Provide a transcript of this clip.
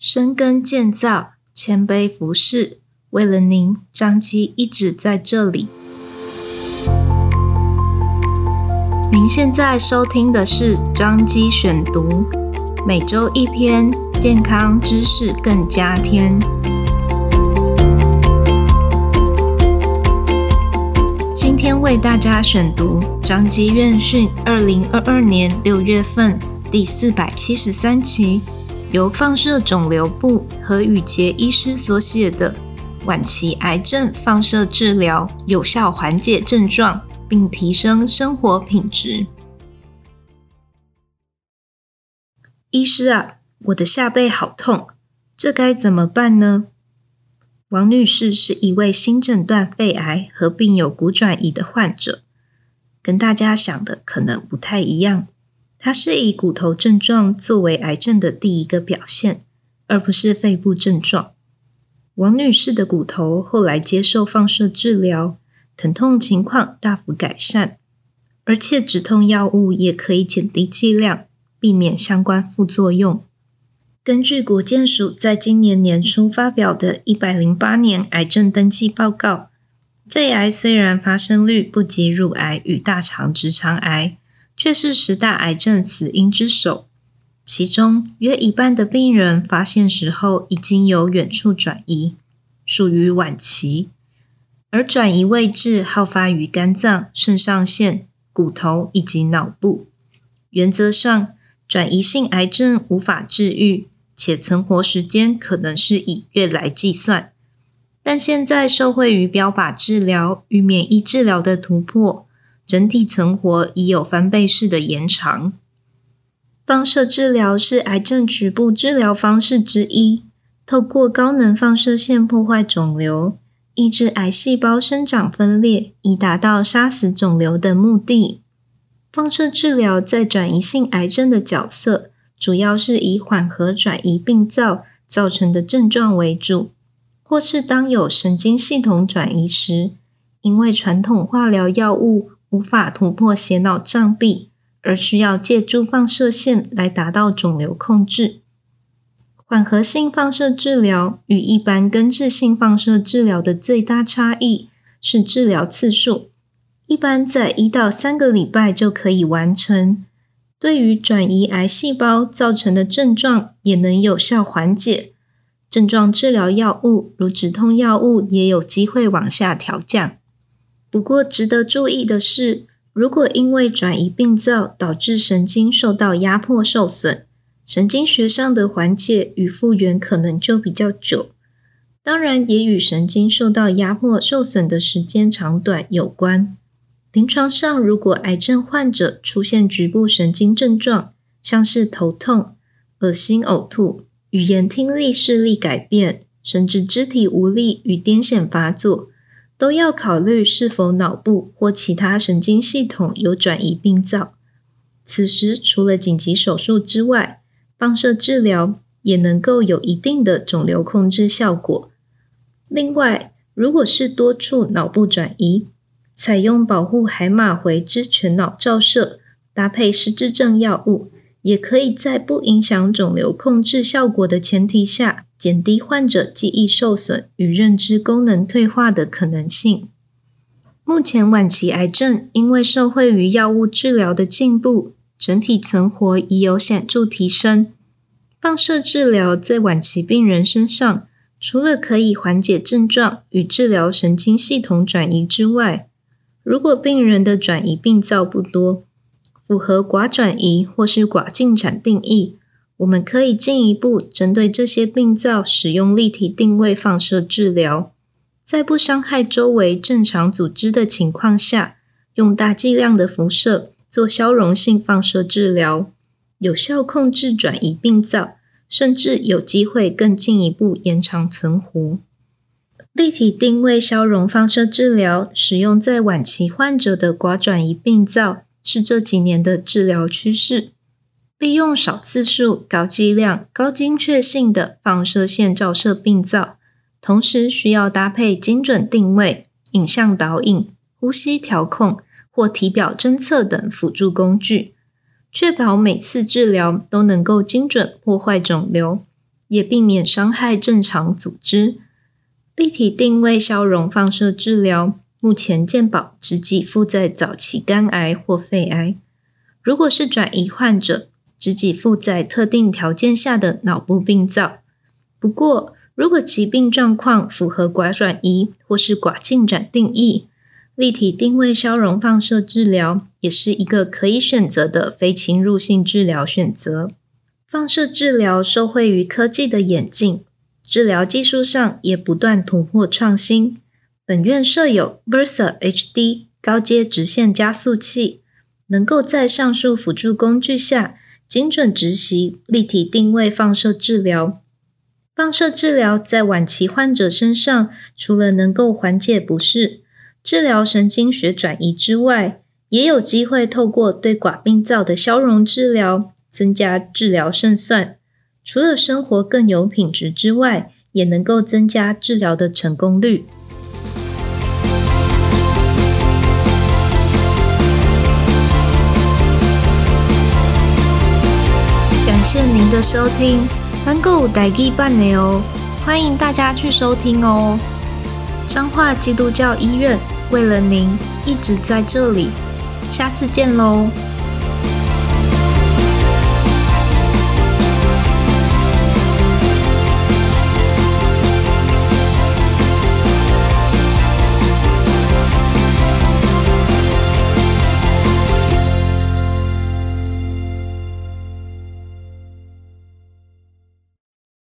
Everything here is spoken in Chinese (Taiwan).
深耕建造，謙卑服侍，為了您，彰基一直在這裡。您現在收聽的是彰基選讀，每周一篇健康知識更加添。今天為大家選讀彰基院訊二零二二年六月份第四百七十三期。由放射腫瘤部何宇傑醫師所寫的《晚期癌症放射治療有效緩解症狀並提升生活品質》。醫師啊，我的下背好痛，這該怎麼辦呢？王女士是一位新診斷肺癌合併有骨轉移的患者，跟大家想的可能不太一樣。她是以骨頭症狀作為癌症的第一個表現，而不是肺部症狀。王女士的骨頭後來接受放射治療，疼痛情況大幅改善，而且止痛藥物也可以減低劑量，避免相關副作用。根據國健署在今年年初發表的《一百零八年癌症登記報告》，肺癌雖然發生率不及乳癌與大腸直腸癌。卻是十大癌症死因之首，其中約一半的病人發現時候已經有遠處轉移，屬於晚期。而轉移位置好發於肝臟、腎上腺、骨頭以及腦部。原則上，轉移性癌症無法治癒，且存活時間可能是以月來計算。但現在受惠於標靶治療與免疫治療的突破。整體存活已有翻倍式的延長。放射治療是癌症局部治療方式之一，透過高能放射線破壞腫瘤，抑制癌細胞生長分裂，以達到殺死腫瘤的目的。放射治療在轉移性癌症的角色，主要是以緩和轉移病灶造成的症狀為主，或是當有神經系統轉移時，因為傳統化療藥物。無法突破血腦障壁，而需要借助放射線來達到腫瘤控制。緩和性放射治療與一般根治性放射治療的最大差異是治療次數，一般在一到三個禮拜就可以完成。對於轉移癌細胞造成的症狀，也能有效緩解。症狀治療藥物如止痛藥物也有機會往下調降。不過，值得注意的是，如果因為轉移病灶導致神經受到壓迫受損，神經學上的緩解與復原可能就比較久。當然，也與神經受到壓迫受損的時間長短有關。臨床上，如果癌症患者出現局部神經症狀，像是頭痛、惡心、嘔吐、語言聽力、視力改變，甚至肢體無力與癲癇發作。都要考慮是否腦部或其他神經系統有轉移病灶。此時，除了緊急手術之外，放射治療也能夠有一定的腫瘤控制效果。另外，如果是多處腦部轉移，採用保護海馬回之全腦照射，搭配失智症藥物，也可以在不影響腫瘤控制效果的前提下。減低患者記憶受損與認知功能退化的可能性。目前晚期癌症因為受惠於藥物治療的進步，整體存活已有顯著提升。放射治療在晚期病人身上，除了可以緩解症狀與治療神經系統轉移之外，如果病人的轉移病灶不多，符合寡轉移或是寡進展定義。我們可以進一步針對這些病灶使用立體定位放射治療，在不傷害周圍正常組織的情況下，用大劑量的輻射做消融性放射治療，有效控制轉移病灶，甚至有機會更進一步延長存活。立體定位消融放射治療使用在晚期患者的寡轉移病灶，是這幾年的治療趨勢。利用少次數、高劑量、高精確性的放射線照射病灶，同時需要搭配精準定位、影像導引、呼吸調控或體表偵測等輔助工具，確保每次治療都能夠精準破壞腫瘤，也避免傷害正常組織。立體定位消融放射治療，目前健保只給付在早期肝癌或肺癌，如果是轉移患者。只給付特定條件下的腦部病灶。不過，如果疾病狀況符合寡轉移或是寡進展定義，立體定位消融放射治療也是一個可以選擇的非侵入性治療選擇。放射治療受惠於科技的演進，治療技術上也不斷突破創新。本院設有 Versa HD 高階直線加速器，能夠在上述輔助工具下。精準執行立體定位放射治療，放射治療在晚期患者身上，除了能夠緩解不適、治療神經學轉移之外，也有機會透過對寡病灶的消融治療，增加治療勝算。除了生活更有品質之外，也能夠增加治療的成功率。謝謝您的收聽，還有台語版哦，歡迎大家去收聽哦。彰化基督教醫院為了您一直在這裡，下次見嘍。